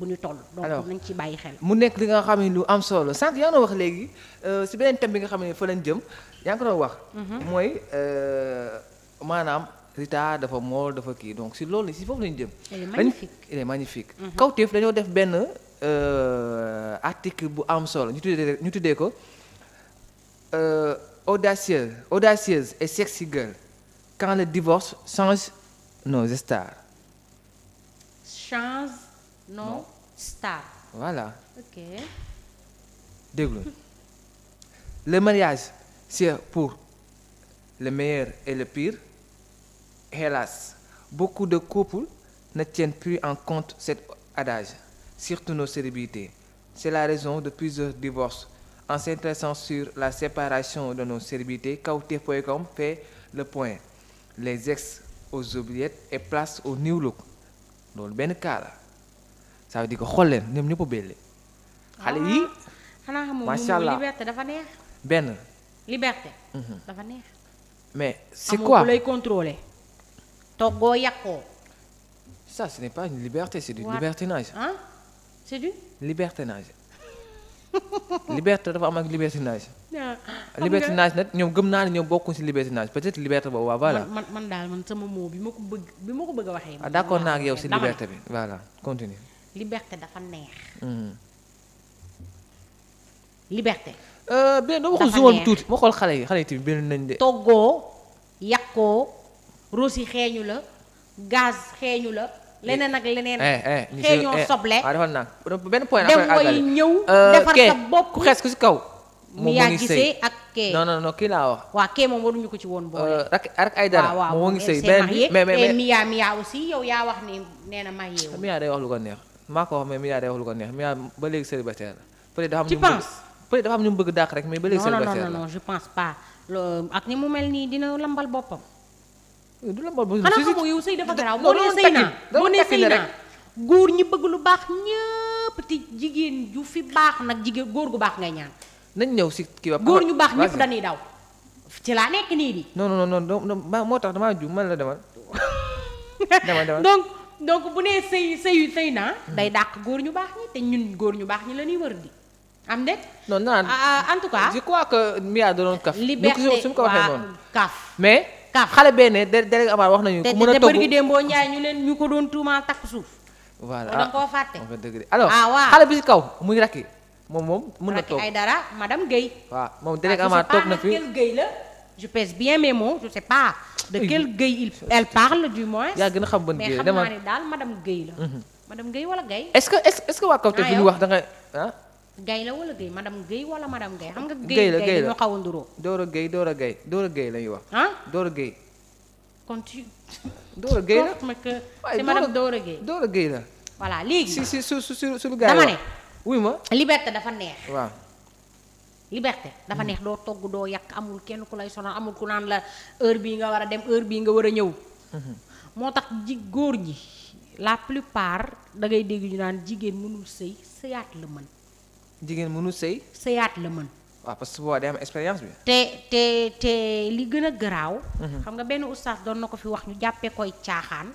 bu ñu toll donc nañ ci bàyyi xel mu nekk li nga xam ne lu am solo sànq yaa ngi wax léegi euh, si beneen thème bi nga xam ne fa lañ jëm yaa ngi ko wax mhm. mooy euh, maanaam Rita dafa mool dafa kii donc si loolu si foofu lañu jëm il est magnifique mhm. kawteef dañoo def benn euh, article bu am solo ñu tuddee ñu tuddee ko audacieuse audacieuse et sexy girl quand le divorce change nos stars non voilà ok. déglu le mariage c'est pour le meilleur et le pire hélas beaucoup de couples ne tiennent plus en compte cet adage surtout nos célébrités c'est la raison de plusieurs divorces en s'intéressant sur la séparation de nos célébrités kawtef.com fait le point les ex aux oubliettes et place au new look loolu benn cas la sa veut ko que xool leen ñoom ñëpp a bële. xale yi ah, macha allah xanaa xamul liberté dafa neex. benn. liberté. Mhm. dafa neex. mais c'est quoi amul lay contrôler. toggoo yàqoo. ça ce n'est pas une liberté c'est du libertinage. ah c'est du. libertinage. liberté dafa am ak libertinage. Ah, libertinage nag ñoom gëm naa ne ñoom bokkuñ ci libertinage peut-être liberté boobu waaw voilà. man man daal man sama mot bi ma ko bëgg bi ma ko bëgg a waxee. ah d'accord naa ak yow ci liberté bi voilà continue. liberté dafa neex. Hmm. liberté. Euh, dafa neex benn doo ma ko zoomal tuuti ma xool xale yi xale yi tamit benn nañ de. toggoo yàqoo rosi xeeñu la gaz xeeñu la. leneen ak leneen. Eh, eh, xeeñoo eh, soble. waaw dafa naan benn point après àggale dem mooy ñëw. Euh, defar sa bopp ku xees ku si kaw. mu ngi sëy ak kee non non laa wax. waaw kee moom waruñu ko ci woon boole. Euh, rak rak ay dara moom mu ngi sëy benn bi mais mais mais maa yeewu. miyaa wax lu ko neex. maa ko wax mais Mia day wax lu ko neex Mia ba léegi célibataire la peut dafa am ñu bëgg bëgg dàq rek mais ba léegi célibataire la non non ni mu mel nii dina lambal boppam. Eh, du lambal boppam xanaa xamoo yow sëy dafa garaaw boo nee sëy naa boo góor ñi bëgg lu baax ñëpp te jigéen fi baax nag jigéen góor gu baax ngay ñaan. nañ ñëw si kii góor ñu baax ñëpp dañuy daw. ci laa nekk nii di. non non moo tax damaa ju man la demal. demal donc. donc bu nee sëy sëyu sëy naa day dàq góor ñu baax ñi te ñun góor ñu baax ñi la ñuy wër di am déet. noon non a ah, ah, tout cas. je crois que Mia da doon kaf. liberté su ko waxee noonu kaf. mais kaf xale bee de délégué Amar wax nañu. ku mën a togg te te bërgi Dembo Ndiaye ñu leen ñu ko doon tuumaal tax suuf. voilà da nga koo fàtte. alors ah, xale bi ci kaw muy rakki moom moom mën na toog rakki ay dara madame Guèye. waaw moom délégué Amar toog na fi Guèye la. je pèse bien mes mots je sais pas de quel Guèye il elle parle du moins. yaa gën a xam ban Guèye mais xam naa la. Mhm. madame Guèye wala Guèye. est-ce que est-ce que waa Kawtef bi ah, ñu wax da nga ah. Guèye la wala Guèye madame Guèye wala madame Guèye xam nga. Guèye la Guèye la ñoo a nduroo. Dóora Guèye Dóora Guèye Dóora Guèye la ñuy wax. ah Dóora Guèye. kon tu. Dóora Guèye la waaye madame Dóora Guèye. Dóora Guèye la. léegi. si si su su su lu gars wax dama ma liberté dafa neex. waaw. liberté dafa mm. neex doo togg doo yàq amul kenn ku lay sonal amul ku naan la heure bii nga war a dem heure bii nga war a ñëw mm-hmm. moo tax ji góor ñi la plupart da ngay dégg ñu naan jigéen mënul sëy sëyaat la mën jigéen mënul sëy sëyaat la mën waaw ah, parce que boo day am expérience bi te te te li gën a garaaw mm-hmm. xam nga benn oustaz doon na ko fi wax ñu jàppee koy caaxaan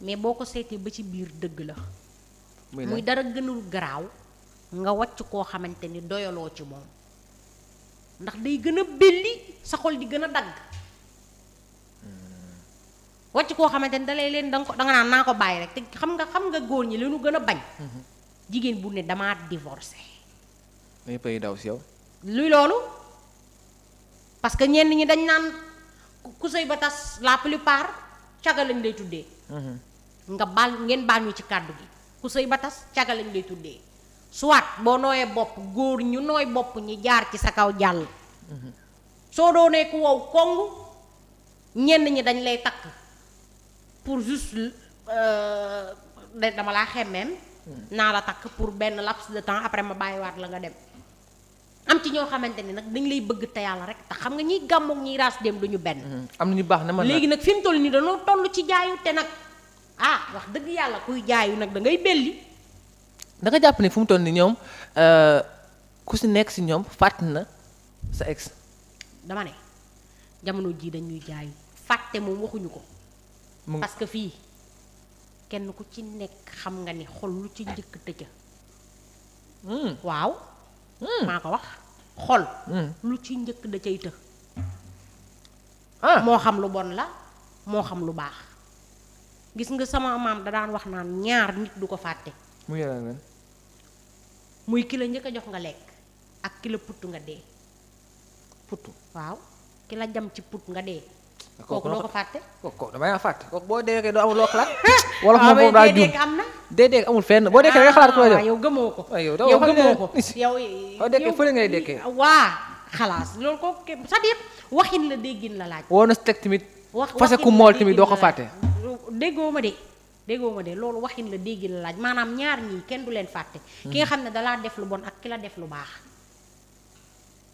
mais boo ko seetee ba ci biir dëgg la muy dara gënul garaaw nga wàcc koo xamante ni doyaloo ci moom ndax day gën a belli sa xol di gën a dagg hmm. wàcc koo xamante ni dalay leen danga ko danga naan naa ko bàyyi rek te xam nga xam nga góor ñi leenu gën a bañ hmm. jigéen bu ne damaa divorcé ñépp ay daw si yow loolu parce que ñenn ñi dañ naan ku sëy ba tas la plupart caga lañ lay tuddee hmm. nga baal ngeen baal ñu ci kàddu gi ku sëy ba tas caga lañ lay tuddee soit boo nooyee bopp góor ñu nooy bopp ñu jaar ci sa kaw jàll soo doonee ku wow kong ñenn ñi dañ lay takk pour juste euh, dama laa xemmeem naa la takk pour benn laps de temps après ma bàyyiwaat la nga dem am ci ñoo xamante ni nag dañ lay bëgg te yàlla rek te xam nga ñiy gàmmoog ñiy raas dem ñu benn mm-hmm. am na ñu baax na man léegi nag fi mu toll nii dañoo toll ci jaayu te nag ah wax dëgg yàlla kuy jaayu nag da ngay belli da nga jàpp ni fu mu toll ni ñoom euh, ku si nekk si ñoom fàtt na sa ex. dama ne jamono jii dañuy jaay fàtte moom waxuñu ko. parce que fii kenn ku ci nekk xam nga ni xol lu ci njëkk tëja. Hmm. waaw. Hmm. maa ko wax xol. Hmm. lu ci njëkk da cay të. Ah. moo xam lu bon la moo xam lu baax. gis nga sama maam da daan wax naan ñaar nit du ko fàtte. mu muy kilo njëkk a jox nga lekk ak kilo la nga dee putt waaw ki la jam ci putt nga dee kooku doo ko fàtte kooku damay fàtte kooku boo dee doo amul loo xalaat wala ah, am na dee dee amul fenn boo dekkee ngay xalaat ku la jox ah, yow gëmoo ko ah, yow gëmoo ko yow boo dekkee fële ngay dekkee waa xalaas loolu kooku c'est-à-dire la déggin la laaj woo na si teg tamit fase ku mool tamit doo ko fàtte déggoo ma de déggoo ma de loolu waxin la déggi la laaj maanaam ñaar ñii kenn du leen fàtte. ki nga hmm. xam ne dalaa def lu bon ak ki la def lu baax.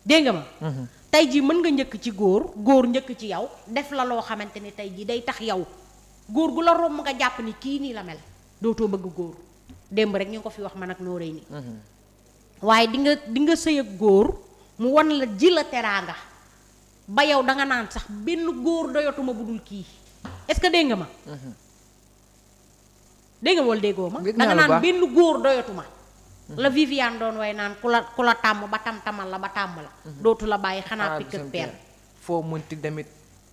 dégg nga ma. Hmm. tey jii mën nga njëkk ci góor góor njëkk ci yow def la loo xamante ni tey jii day tax yow góor gu la romb nga jàpp ni kii nii la mel dootoo bëgg góor démb rek ñu ko fi wax man ak nooree hmm. waaye di nga di nga sëy ak góor mu wan la ji la teraanga ba yow da nga naan sax benn góor doyatuma budul kii est-ce que dégg nga ma. dégg nga wala déggoo ma danga naan benn góor doyatuma la Viviane doon way naan ku la ku la tàmm ba tam-tamal la ba tàmm la mhm. dootu la bàyyi xanaa ah, pikk ak foo mënti demit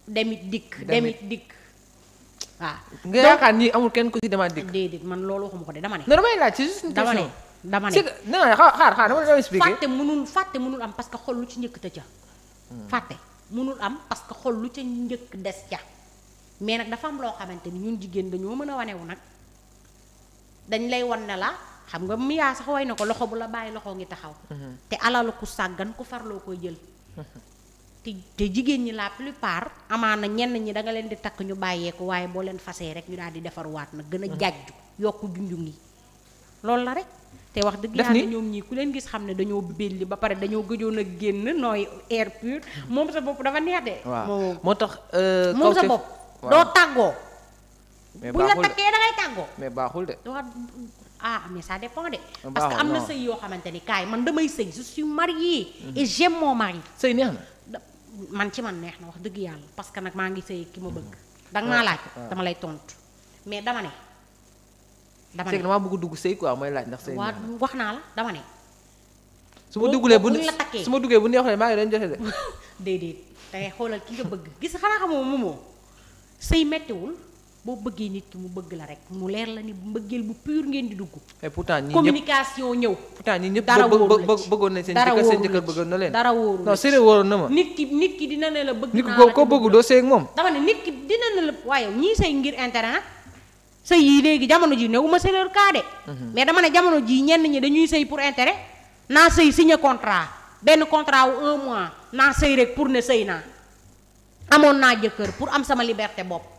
demit dikk demit dikk waaw nga yaakaar nii amul kenn ku ci demaat dikk déedéet man loolu waxuma ko de dama ne non damay laaj ci dama ne dama ne non xaar xaar dama doon expliquer fàtte mënul fàtte mënul am parce que xol lu ci njëkk te ca hmm. fàtte mënul am parce que xol lu ca njëkk des ca mais nag dafa am loo xamante ni ñun jigéen dañoo mën a wanewu nag dañ lay won ne la xam nga miyaa sax way na ko loxo bu la bàyyi loxo ngi taxaw mhm. te alalu ku sàggan ku farloo koy jël mhm. te jigéen ñi la plupart amaana ñenn ñi da nga leen di takk ñu bàyyeeku waaye boo leen fasee rek ñu daal di waat nag gën a mhm. jaajju yokku junjung yi loolu la rek te wax dëgg yàlla ñoom ñii ku leen gis xam ne dañoo belli ba pare dañoo gëjoon a génn nooy air pur moom sa bopp dafa neex de euh, moom sa bopp doo tàggoo mais bu la takkee da ngay mais baaxul de. ah mais ça dépend de. parce que am na sëy yoo xamante ni kaay man damay sëy je suis mariée. Mhm. et j'aime mon mari. sëy neex na. man ci man neex na wax dëgg yàlla parce que nag maa ngi sëy ki ma bëgg. Mhm. danga maa ah, laaj ah. dama lay tontu mais dama ne. dama ne bëgg dugg sëy quoi mooy laaj ndax sëy wax naa la su ma duggulee bu la su ma duggee bu neexee maa ngi leen joxe de. déedéet da ngay xoolal ki nga bëgg gis xanaa xamoo moomoo sëy mettiwul. boo bëggee nit ki mu bëgg la rek mu leer la ni mbëggeel bu pur ngeen di dugg. et pourtant ñi ñëpp communication ñëw. pourtant ñi bëggoon nañ seen jëkkër seen jëkkër bëggoon na leen. dara wóoru non sérieux na ma. nit ki nit ki dina ne la bëgg. nit ko ko doo moom. dama ne nit ki dina ne ngir intérêt ah, sëy yi léegi jamono ji newuma c'est leur cas mhm. mais dama ne jamono jii ñenn ñi dañuy sëy pour intérêt naa sëy signé contrat benn contrat wu un mois naa sëy rek pour ne sëy naa amoon naa jëkkër pour am sama liberté bopp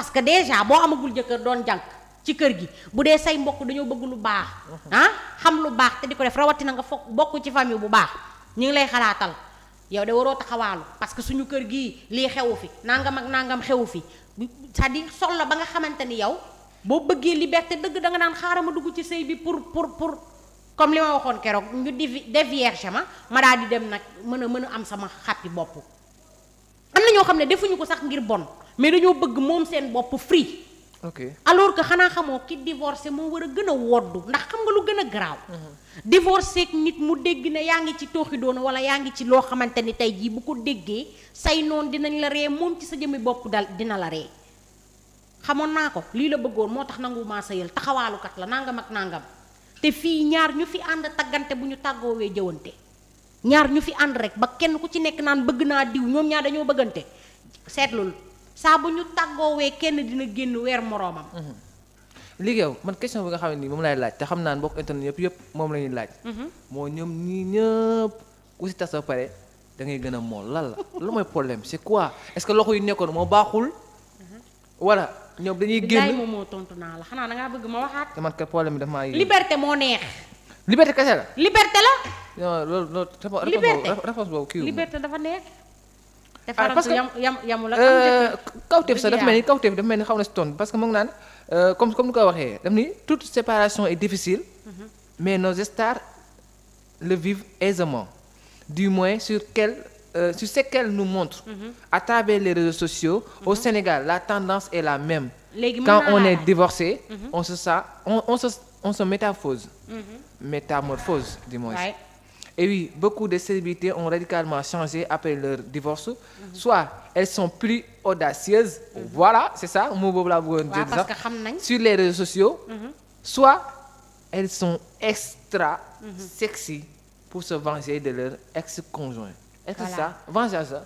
parce que déjà boo amagul jëkkër doon jànk ci kër gi bu dee say mbokk dañoo bëgg lu baax ah xam lu baax te di ko def rawatina nga foog bokk ci famille bu baax ñu ngi lay xalaatal yow de waroo taxawaalu parce que suñu kër gii lii xewu fi nangam ak nangam xewu fi cest à sol la ba nga xamante ni yow boo bëggee liberté dëgg danga daan naan xaaral ma dugg ci sëy bi pour pour pour comme li ma waxoon keroog ñu dévierge ma ma daal di dem nag mën a mën a am sama xàppi bopp am na ñoo xam ne defuñu ko sax ngir bon mais dañoo bëgg moom seen bopp free. ok alors que xanaa xamoo ki divorcé moo war a gën a woddu ndax xam nga lu gën a garaaw. Mhm. divorcé ak nit mu dégg ne yaa ngi ci tooxi doona wala yaa ngi ci loo xamante ni tey jii bu ko déggee say noon dinañ la ree moom ci sa jëmmi bopp dal dina la ree. xamoon naa ko lii la bëggoon moo tax nangu maa sëyal taxawaalukat la nangam ak nangam te fii ñaar ñu fi ànd taggante bu ñu tàggoowee jëwante ñaar ñu fi ànd rek ba kenn ku ci nekk naan bëgg naa diw ñoom ñaar dañoo bëggante seetlul saa bu ñu tàggoowee kenn dina génn weer moroomam. Mhm. léegi yow man question bi nga xam ne nii moom laay laaj te xam naa ne bokk internet yëpp yëpp moom la ñuy laaj. Mhm. moo ñoom ñii ñëpp ku si tas ba pare da gën a mool lan la lu mooy problème c'est quoi est que loxo yu nekkoon moo baaxul. Mhm. voilà ñoom dañuy génn moom moo tontu naa la xanaa da bëgg ma waxaat. te man kat problème bi daf maa liberté moo neex. liberté kese la. liberté la. non loolu loolu. liberté réponse boobu kii te parce que yam yamul ak euh, kawteef sax dafa mel ni kawteef dafa mel ni xaw na si tontu parce que mu ngi euh, comme comme daf ni toute séparation est difficile mm-hmm. mais nos stars le vivent aisément du moins sur euh, ce qu'elle nous montre mm-hmm. à travers les réseaux sociaux mm-hmm. au Sénégal la tendance est la même léegi quand on est divorcé on se sa on, se on métamorphose du moins Et oui, beaucoup de célébrités ont radicalement changé après leur divorce. Mm -hmm. Soit elles sont plus audacieuses, mm -hmm. voilà, c'est ça, mot boobu laa bëggoon dire sax sur les réseaux sociaux. Mm -hmm. Soit elles sont extra mhm. sexy pour se venger de leur ex-conjoint. est-ce que ça vengeance la.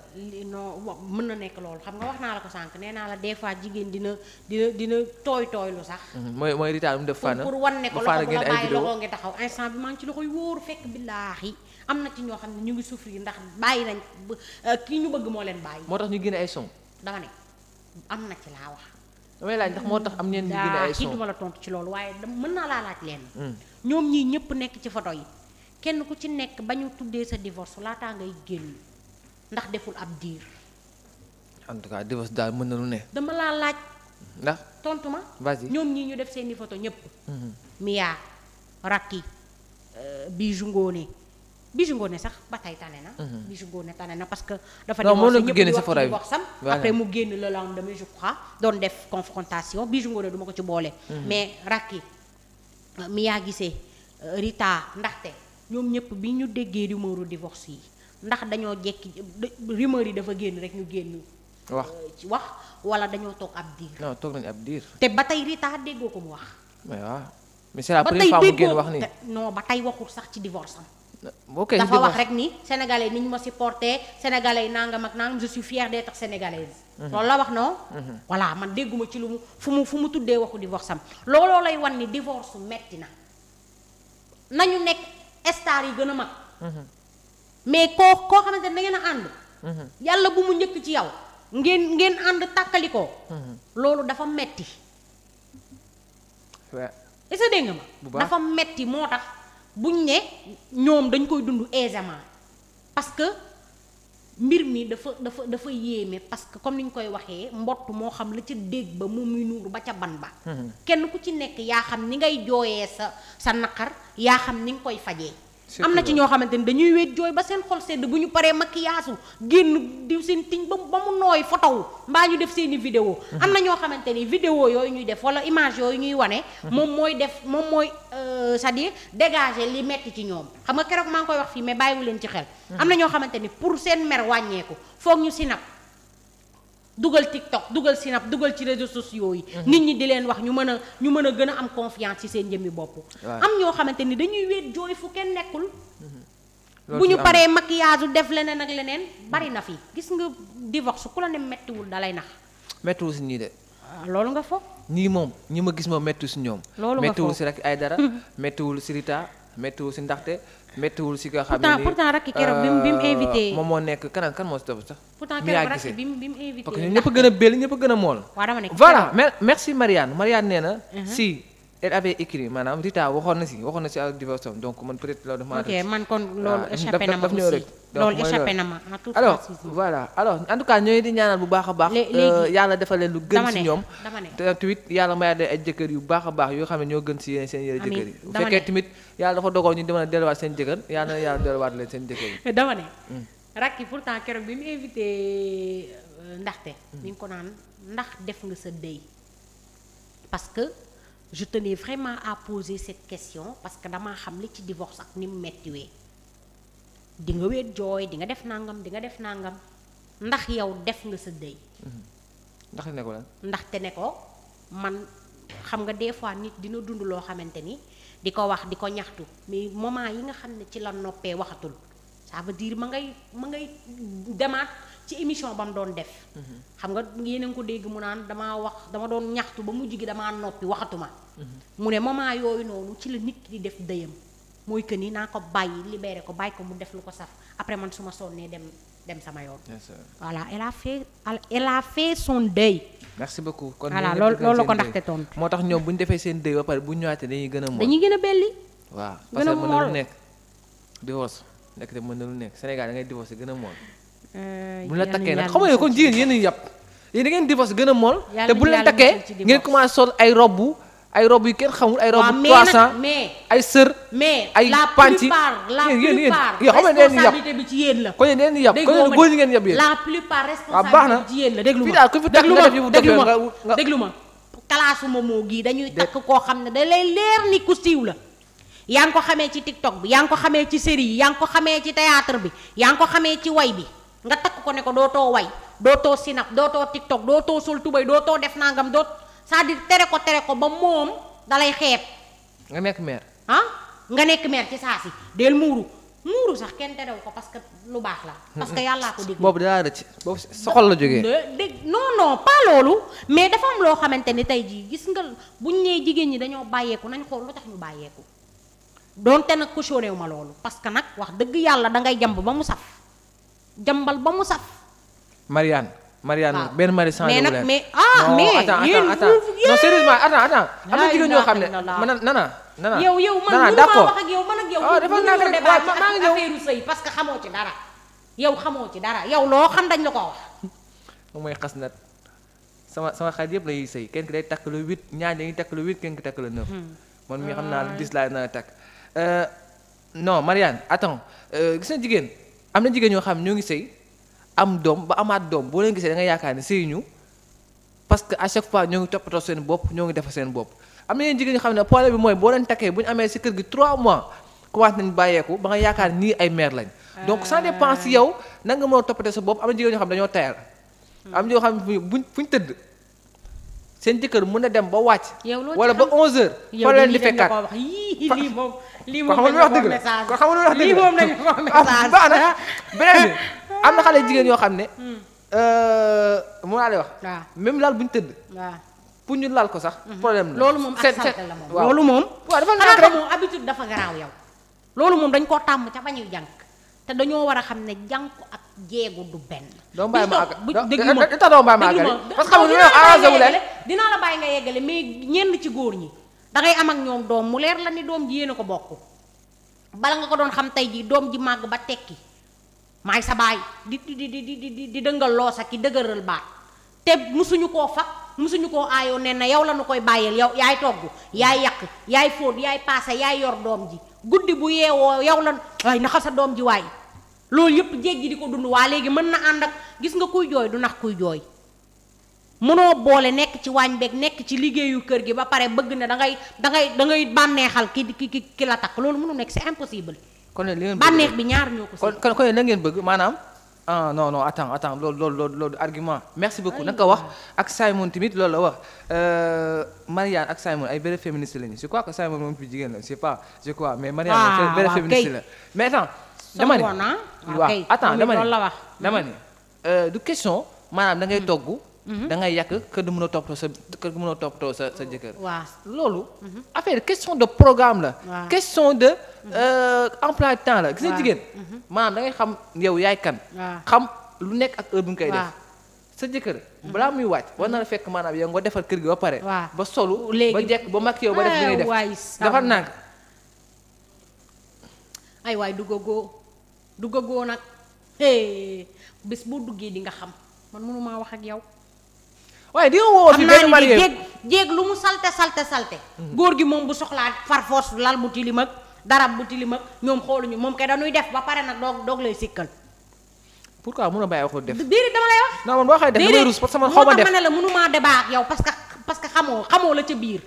mën na nekk loolu xam nga wax naa la ko sànq nee naa la des fois jigéen dina dina dina tooy tooy lu sax. Mhm. mooy mooy retard mu def faana pour wan ne bu la bàyyi loxo ngi taxaw instant bi maa ngi ci loxo yu wóor fekk billaahi am na ci ñoo xam ne ñu ngi souffrir ndax bàyyi nañ euh, kii ñu bëgg moo leen bàyyi. moo tax ñu génne ay son. dama ne am na ci laa wax. damay laaj ndax moo tax am ñeen ñu génne ay son daa kii duma la tontu ci loolu waaye mën naa laa laaj leen. Mm. ñoom ñii ñëpp nekk ci photo yi kenn ku ci nekk ba ñu tuddee sa divorce laataa ngay génn ndax deful ab diir. en tout cas divorce daal mën na lu ne. dama laa laaj. ndax tontu ma. vas-y ñoom ñii ñu def seeni photo ñëpp. Mm-hmm. Mia Racky euh, Bijou Ngoné Bijou Ngoné sax ba tey tane na. Mm-hmm. Bijou Ngoné tane na parce que. dafa divorce ñëpp wax sam après mu génn le lendemain def confrontation Bijou Ngoné du ko ci boole. Mm-hmm. mais Racky euh, Mia euh, ndaxte. ñoom ñëpp bi ñu déggee rumeuru divorce yi ndax dañoo jekki rumeur yi dafa génn rek ñu génn. wax euh, ci wax wala dañoo toog ab diir. non toog nañu ab diir. te ba tey Rita déggoo ko mu wax. mais waaw mais c'est la première fois wax nii noo ba tey waxul sax ci divorce am. ok dafa wax rek ni sénégalais ni ñu ma supporté sénégalais nangam ak nangam je suis fière d'être sénégalaise. Mhm. loolu la wax non. Mhm. voilà man dégguma ci lu mu fu mu fu mu tuddee waxu divorce am looloo lay wan ni divorce metti na nañu nekk. star yi gën a mag. Mhm. mais koo koo xam ne da ngeen a ànd. Mhm. yàlla bu mu njëkk ci yow. ngeen ngeen ànd tàkkali mhm. loolu dafa metti est-ce que dégg dafa metti moo tax buñ ne ñoom dañ koy dund aisément parce que. mbir mi dafa dafa dafa yéeme parce que comme ni ñu koy waxee mbott moo xam la ca dégg ba mu muy nuur ba ca ban ba mm-hmm. kenn ku ci nekk yaa xam ni ngay jooyee sa sa naqar yaa xam ni nga koy fajee am na ci ñoo xamante ni dañuy weet jooy ba seen xol sedd bu ñu paree maquillage génn diw seen tiñ ba ba mu nooy fotow mbaa ñu def seen i vidéo mhm. am na ñoo xamante ni vidéo yooyu ñuy def wala image yooyu ñuy wane mhm. moom mooy def moom mooy euh, c'est-à-dire dégager li metti ci ñoom xam nga keroog maa ngi koy wax fii mais bàyyiwu leen ci xel mhm. am na ñoo xamante ni pour seen mer wàññeeku foog ñu sinap dugal TikTok dugal Snap dugal ci réseaux sociaux yi. Mhm. nit ñi di leen wax ñu mën a ñu mën a gën a am confiance ci seen jëmmi bopp. am ñoo xamante ni dañuy wéet jooy fu kenn nekkul. Mhm. bu ñu paree maquillage def leneen ak leneen bari na fi gis nga divorce ku la ne méttiwul dalay nax. méttiwul si ñii de. Ah, loolu nga foog. ñii moom ñi ma gis moom méttiwul si ñoom. loolu nga si rek ay dara. méttiwul si Rita méttiwul si ndaxte. méttiwul si nga xam ne pourtant pourtant rakk keroog bi mu bi euh, moom moo nekk kan kan moo si topp sax. pourtant keroog rakk bi mu bi mu ñëpp a gën a bél ñëpp a gën a mool. waaw dama voilà merci Marianne Marianne nee na uh-huh. si. elle avait écrit maanaam Rita waxoon na si waxoon na si ak divorce donc man peut loolu ah, dafa ma aussi loolu voilà alors en tout di ñaanal bu baax a baax. Euh, yàlla defal leen lu gën si ñoom. dama ne te tamit yàlla mayaat leen ay jëkkër yu baax a baax yoo xam ne ñoo gën si yéen seen yëre jëkkër yi. bu fekkee tamit yàlla dafa dogoon ñu demoon a delluwaat seen jëkkër yàlla na yàlla delluwaat leen seen jëkkër yi. dama ne. Hmm. Racky pourtant keroog bi mu invité euh, ndaxte. ni hmm. nga ko naan ndax def nga sa dëy parce je tenais vraiment à poser cette question parce que damaa xam li ci divorce ak ni mu méttiwee di nga weet jooy di nga def nangam di nga def nangam ndax yow def nga sa dëy mhm. ndax ne ko lan ndaxte ne ko man xam nga des fois nit dina dund loo xamante ni di ko wax di ko ñaxtu mais moment yi nga xam ne ci la noppee waxatul ça veut dire ngay ma ngay demaat ci émission ba doon def. xam nga yéen a ngi ko dégg mu naan dama wax dama doon ñaxtu ba mujj gi damaa noppi waxatuma. mu ne ma moment yooyu noonu ci la nit ki di def dëyam mooy que nii naa ko bàyyi libéré ko bàyyi ko mu def lu ko saf après man su ma sonnee dem dem sama yoon. voilà elle a fait elle a fait son deuil. merci beaucoup kon voilà loolu loolu la ko ndaxte tontu. moo tax ñoom bu defee seen dëy ba pare bu ñu ñëwaatee dañuy gën a mool dañuy gën a belli. waaw parce que mën na lu nekk divorce nekk te mun na lu nekk Sénégal da ngay divorce gën a mool Euh, bu la takkee nag xamuñu kon jigéen yéen a yàpp yéen da gën a mool te bu leen takkee ngeen commencé sol ay robbu ay rob yu kenn xamul ay rob 300 ay sër ay panti yéen yéen ngeen responsabilité bi la ko yéen ngeen yàpp ko yéen góor ñi ngeen yàpp yéen la plupart responsabilité bi ci yéen la déglu ma ku fi moo gii dañuy takk koo xam ne da lay leer ni ku siiw la yaa ngi ko xamee ci tiktok bi yaa ngi ko xamee ci série yi yaa ngi ko xamee ci théâtre bi yaa ngi ko xamee ci way bi nga takk ko ne ko doo dootoo way dootoo sinap dootoo tiktok dootoo sol doo too def nangam doot c'est-à-dire tere ko tere ko ba moom dalay xeeb. nga nekk meer. ah nga nekk meer ci saa si del muuru muuru sax kenn terew ko parce que lu baax la. parce que yàllaa ko dégg. boobu daa rëcc boobu sa xol la jógee. dégg non non loolu mais dafa am loo xamante ni tey jii gis nga buñ nee jigéen ñi dañoo bàyyeeku nañ xool lu tax ñu bàyyeeku. donte nag cautionné wu ma loolu parce que nag wax dëgg yàlla dangay jamb ba mu saf. jambal ba mu saf. Marianne. Marianne ah. benn mari sans mais nag mais ah non, mais. Attends, yéen attends, yéen am na jigéen ñoo xam ne man nana nana yow yow man d'accord wax ak yow man ak yow ah, dafa naa rek maa ngi ñëw sëy parce que xamoo ci dara ci dara yow loo xam dañ la ko wax moom mooy xas nat sama sama xarit yëpp lay sëy kenn ki day takk lu huit ñaar dañuy takk lu huit kenn ki takk lu neuf hmm. man mi xam naa ah. lu dix laa na takk euh, non Marianne attends euh, gis na jigéen am na jigéen ñoo xam ñoo ngi sëy am doom ba amaat doom boo leen gisee da nga yaakaar ne sëy ñu parce que à chaque fois ñoo ngi toppatoo seen bopp ñoo ngi defar seen bopp am na yeneen jigéen ñoo xam ne problème bi mooy boo leen takkee bu ñu amee si kër gi 3 mois commencé nañ bàyyeeku ba nga yaakaar nii ay mère lañ donc ça dépend si yow nan nga mën a toppatee sa bopp am na jigéen ñoo xam dañoo tayal am ñoo xam ne fu ñu tëdd seen jëkkër mun a dem ba wàcc. wala ba 11h. yow leen di fekkaat lii moom lii moom wax dëgg la ko xamul wax dëgg ah, la baax na am na xale jigéen yoo xam ne. Hmm. Euh, mu laa lay wax. même laal bu ñu tëdd. pour ñu laal ko sax. Hmm. problème la loolu moom ak la moom loolu moom. waaw dafa nekk rek moom moom dañ koo tàmm ca bañuy jànk te dañoo war a xam ne jànku ak jéegu du benn. doo bàyyi ma àgg déglu ma doo bàyyi ma àggale parce que xam nga arrangé wu leen dinaa la bàyyi nga yeggale mais ñenn ci góor ñi da am ak ñoom doom mu leer la ni doom ji yéen a ko bokk bala nga ko doon xam tey jii doom ji màgg ba tekki maay sa baay di di di di di dëngal loosa ki dëgëral baat te musuñu koo fag musuñu koo aayoo ne na yow la nu koy bàyyeel yow yaay togg yaay yàq yaay fóot yaay paase yaay yor doom ji guddi bu yeewoo yow la ay naxal sa doom ji waay. loolu yëpp jéggi di ko dund waa léegi mën na ànd ak gis nga kuy jooy du nax kuy jooy mënoo boole nekk ci waañ beeg nekk ci liggéeyu kër gi ba pare bëgg ne da ngay da ngay da ngay bànneexal ki ki ki la takk loolu mënu nekk c'est impossible. kon li ngeen bànneex bi ñaar ñoo ko. kon na ngeen bëgg maanaam. ah non non attends attends loolu loolu loolu loolu argument. merci beaucoup na ko wax ak Simon tamit loolu la wax euh, Marianne ak Simon ay vrai féministe lañu je crois que Simon moom fi jigéen la je pas je crois mais. Marianne ah, vrai la mais attends dama ne ah? waaw euh, euh, du question maanaam dangay ngay hmm. togg. Hmm. da ngay yàq que du mën a toppatoo sa jëkkër. waaw loolu. Hmm. affaire question de programme la. question de euh, emploi du la. gis jigéen. maanaam da xam yow yaay kan. xam lu nekk ak heure bu ñu def. sa jëkkër balaa muy wàcc war na la fekk maanaam yow nga defar kër gi ba pare. ba solu ba jekk ba mag yow ba def li eh, def. defar naa ay waay du gogo dugg duggagoo nag eh bis boo duggee di nga xam man mënumaa wax ak yow. waaye di nga woo fi benn marié jéeg jéeg lu mu salte salte salte. Mhm. góor gi moom bu soxlaa far force lal bu tilim ak darab bu tilim ak ñoom xooluñu moom kay dañuy def ba pare nag doog doog lay sikkal. pourquoi mun a bàyyi ko def. déedéet dama lay la mënumaa débat ak yow parce que parce que xamoo xamoo la ca biir.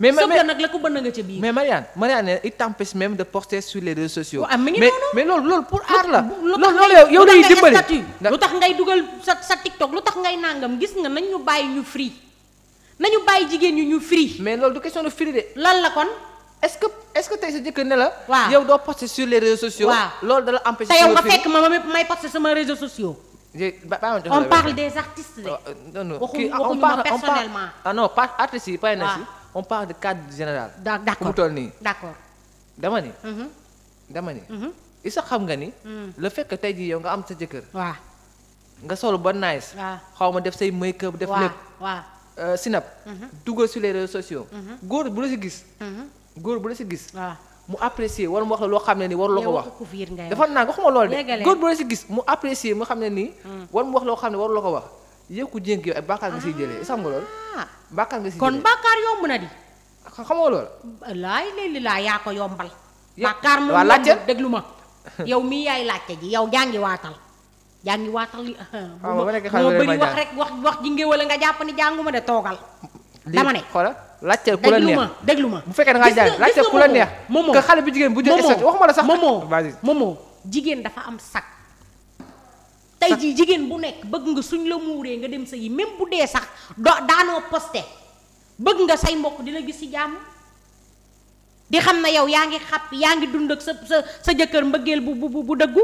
mais ma mais nag la ko bënn nga ca biir. mais Marianne Marianne il t'empêche même de porter sur les réseaux sociaux. Ah, mais mais loolu loolu pour aar la. loolu yow lay dimbali lu tax ngay dugal sa TikTok lu tax ngay nangam gis nga nañ ñu bàyyi ñu free nañu bàyyi jigéen ñu ñu free. mais loolu du question de free de. lan la kon. est-ce que est-ce que tey sa jëkkër ne la. waaw yow doo poster sur les réseaux sociaux. loolu da la empêcher. te réseaux sociaux. on parle des artistes de. Oh, euh, non non waxuma ah, personnellement ah na si. on parle de cadre général. d'accord fu mu toll nii. d'accord dama ni. Mhm. dama ni. i mhm. sax xam nga ni. Mhm. la fekk que tey jii yow nga am sa jëkkër. waaw nga solo ba nice. xaw ma def say make-up def lépp. waaw euh, sinap. dugal sur les réseaux sociaux. góor bu la si gis. góor bu la si gis. waaw mu apprécier war mu wax loo xam ne nii war la ko wax. dafa naa nga xuma loolu de. góor bu la si gis mu apprécier mu xam ne nii. Mm. war mu wax loo xam ne war la ko wax. yow ku jénk yow ay bàkkaar nga siy jëlee sax nga loolu ah. bàkkaar nga siy jëlee kon bàkkaar yomb na di xamoo loolu laay léegi laa yaa ko yombal bàkkaar moom waa laajte déglu ma yow mii yaay laajte ji yow jàngi waatal jàngi waatal ah, moo bëri wax rek wax wax ji ngéwale nga jàpp ni jànguma de toogal dama ne xoola laajte ku la neex déglu ma bu fekkee da ngaa jàng laajte ku la neex moom xale bi jigéen bu jël waxuma la sax moom moom jigéen dafa am sag tey jii jigéen bu nekk bëgg nga suñ la muuree nga dem sa yi même bu dee sax do daanoo posté bëgg nga say mbokk di la gis ci jàmm di xam na yow yaa ngi xàpp yaa ngi dund ak sa sa jëkkër mbëggeel bu bu bu dëggu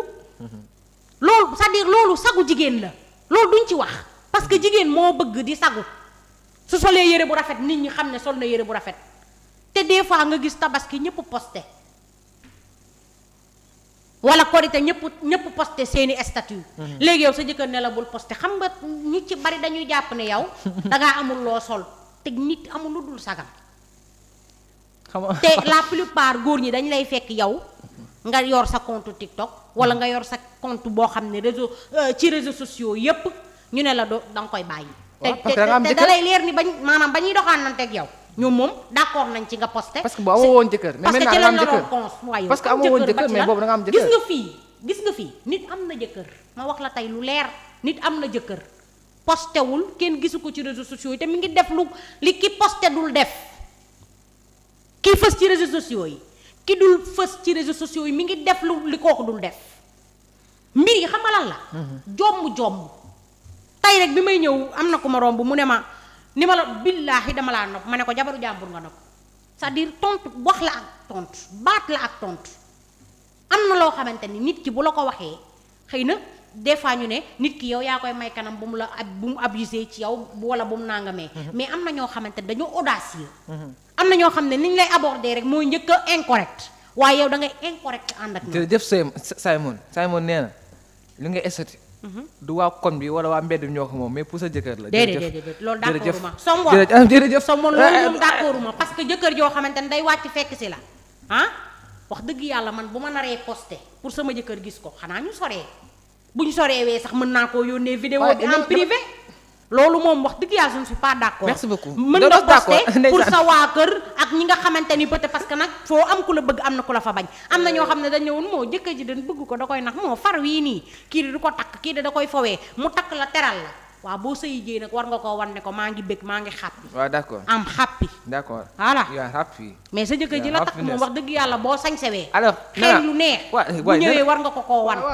loolu cest à loolu sagu jigéen la loolu duñ ci wax parce que jigéen moo bëgg di sagu su solee yére bu rafet nit ñi xam ne sol na yére bu rafet te des fois nga gis tabaski ñëpp poste wala korite ñëpp ñëpp posté seeni statut mhm. léegi yow sa jëkkër ne la bul posté xam nga nit ci bari dañuy jàpp ne yow dangaa amul loo sol te nit amul lu dul sagam te la plupart góor ñi dañ lay fekk yow nga yor sa compte TikTok wala nga yor sa compte boo xam ne réseau euh, ci réseau sociaux yépp ñu ne la doo danga koy bàyyi te te da lay leer ni bañ maanaam ba ñuy doxaananteeg yow ñoom moom d'accord nañ ci nga posté. parce boo amoo woon jëkkër mais nga am jëkkër parce que amoo woon jëkkër mais boobu da nga am gis nga fii nit am na jëkkër ma wax la tey lu leer nit am na jëkkër postewul kenn gisu ko ci réseaux sociaux yi te mi ngi def lu li ki posté dul def ki ci réseaux sociaux yi ki dul fës ci réseaux sociaux yi mi ngi def lu li kooku dul yi xam nga lan la. Mhm. jomb jomb tey rek bi may ñëw am na ko ma romb mu ne ma. ni ma la billaahi dama laa nopp ma ne ko jabaru jàmbur nga nopp c'est-à-dire tontu wax la ak tontu baat la ak tontu am na loo xamante ni nit ki bu la ko waxee xëy na des fois ñu ne nit ki yow yaa koy may kanam bu mu la ab bu mu abusé ci yow wala bu mu nangamee. Mhm. mais am na ñoo xamante ne dañoo audacieux. Mhm. am na ñoo xam ne ni ñu lay abordé rek mooy njëkk a incorrect waaye yow da ngay incorrect ànd ak. ñoom jërëjëf Simon Simon nee na li nga esati Mm-hmm. du waa koñ bi wala waa mbedd bi ñoo ko moom mais pour sa jëkkër la. déedéet déedéet loolu d'accord ma somboon jërëjëf ah, somboon loolu eh, moom d'accord ma parce que jëkkër joo xamante ne day wàcc fekk si la ah wax dëgg yàlla man bu ma naree posté pour sama jëkkër gis ko xanaa ñu soree bu ñu soree wee sax mën naa koo yónnee vidéo bi en privé loolu moom wax dëgg yàlla je pas d' mën nga poste pour sa waa kër ak ñi nga xamante ni peut-être parce que nag foo am ku la bëgg am na ku la fa bañ. am na ñoo xam ne dañ ñëwoon moo jëkkër ji dañ ko da koy nag moo far wii nii kii di du ko takk kii la teral la waaw boo sëyi jee nag war nga koo wan ne ko ngi bëgg maa ngi xàppi. waaw d' mais sa jëkkër ji la takk moom wax dëgg yàlla boo sañ sewee. alors xëy lu neex. bu ñëwee war nga ko koo wan.